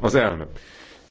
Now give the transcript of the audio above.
Az elnök.